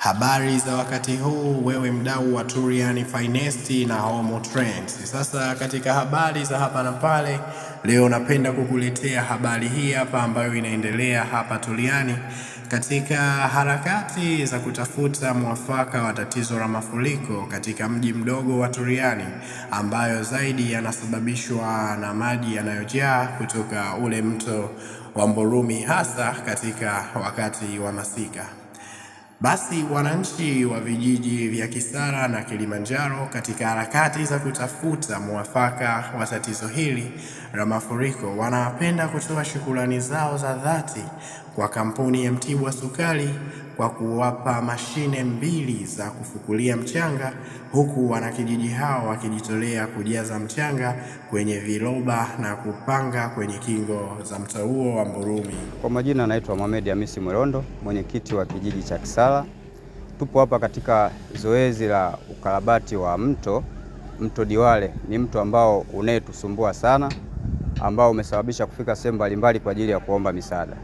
Habari za wakati huu, wewe mdau wa Turian Finest na Home Trends. Sasa katika habari za hapa na pale, leo napenda kukuletea habari hii hapa ambayo inaendelea hapa Turiani katika harakati za kutafuta mwafaka wa tatizo la mafuriko katika mji mdogo wa Turiani ambayo zaidi yanasababishwa na maji yanayojaa kutoka ule mto wa mborumi hasa katika wakati wa masika. Basi wananchi wa vijiji vya Kisara na Kilimanjaro katika harakati za kutafuta mwafaka wa tatizo hili la mafuriko wanapenda kutoa shukrani zao za dhati kwa kampuni ya Mtibwa Sukari kwa kuwapa mashine mbili za kufukulia mchanga, huku wanakijiji hao wakijitolea kujaza mchanga kwenye viroba na kupanga kwenye kingo za mto huo wa Mburumi. Kwa majina anaitwa Mohamed Hamisi Mwerondo, mwenyekiti wa kijiji cha Kisala. Tupo hapa katika zoezi la ukarabati wa mto mto Diwale. Ni mto ambao unayetusumbua sana, ambao umesababisha kufika sehemu mbalimbali kwa ajili ya kuomba misaada.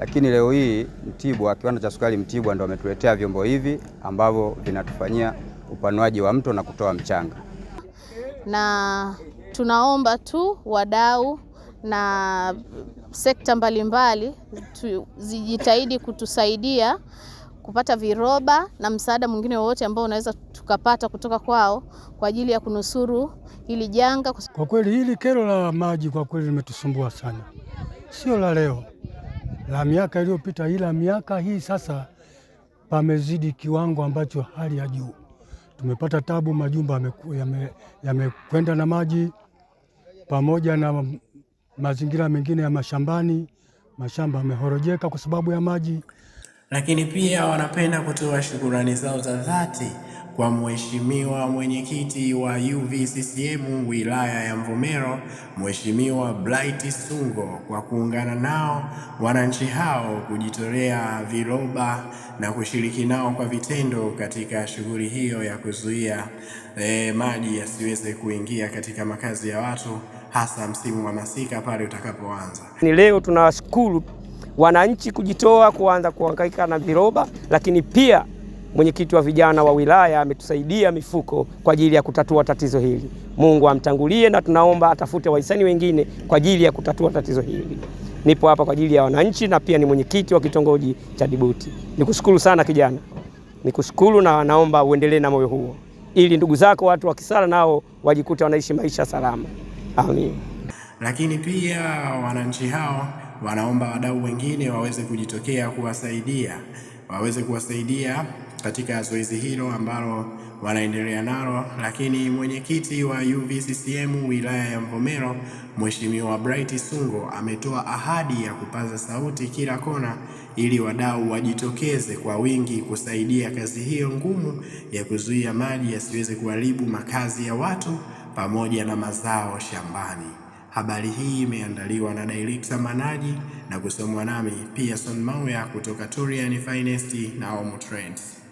Lakini leo hii Mtibwa, kiwanda cha sukari Mtibwa ndo ametuletea vyombo hivi ambavyo vinatufanyia upanuaji wa mto na kutoa mchanga, na tunaomba tu wadau na sekta mbalimbali zijitahidi kutusaidia kupata viroba na msaada mwingine wowote ambao unaweza tukapata kutoka kwao kwa ajili ya kunusuru hili janga. Kwa kweli hili kero la maji kwa kweli limetusumbua sana, sio la leo la miaka iliyopita, ila miaka hii sasa pamezidi kiwango ambacho hali ya juu. Tumepata tabu, majumba yamekwenda na maji pamoja na mazingira mengine ya mashambani, mashamba yamehorojeka kwa sababu ya maji. Lakini pia wanapenda kutoa shukurani zao za dhati kwa Mheshimiwa mwenyekiti wa UVCCM wilaya ya Mvomero, Mheshimiwa Blight Sungo kwa kuungana nao wananchi hao kujitolea viroba na kushiriki nao kwa vitendo katika shughuli hiyo ya kuzuia eh, maji yasiweze kuingia katika makazi ya watu hasa msimu wa masika pale utakapoanza. Ni leo tunawashukuru wananchi kujitoa kuanza kuhangaika na viroba, lakini pia mwenyekiti wa vijana wa wilaya ametusaidia mifuko kwa ajili ya kutatua tatizo hili. Mungu amtangulie, na tunaomba atafute wahisani wengine kwa ajili ya kutatua tatizo hili. Nipo hapa kwa ajili ya wananchi na pia ni mwenyekiti wa kitongoji cha Dibuti. Nikushukuru sana kijana, nikushukuru na naomba uendelee na moyo huo ili ndugu zako watu wa Kisara nao wajikuta wanaishi maisha salama. Amin. Lakini pia wananchi hao wanaomba wadau wengine waweze kujitokea kuwasaidia, waweze kuwasaidia katika zoezi hilo ambalo wanaendelea nalo, lakini mwenyekiti wa UVCCM wilaya ya Mvomero Mheshimiwa Bright Sungo ametoa ahadi ya kupaza sauti kila kona ili wadau wajitokeze kwa wingi kusaidia kazi hiyo ngumu ya kuzuia maji yasiweze kuharibu makazi ya watu pamoja na mazao shambani. Habari hii imeandaliwa na Director Manaji na kusomwa nami Pearson Mauya kutoka Turian Finest na Omo Trends.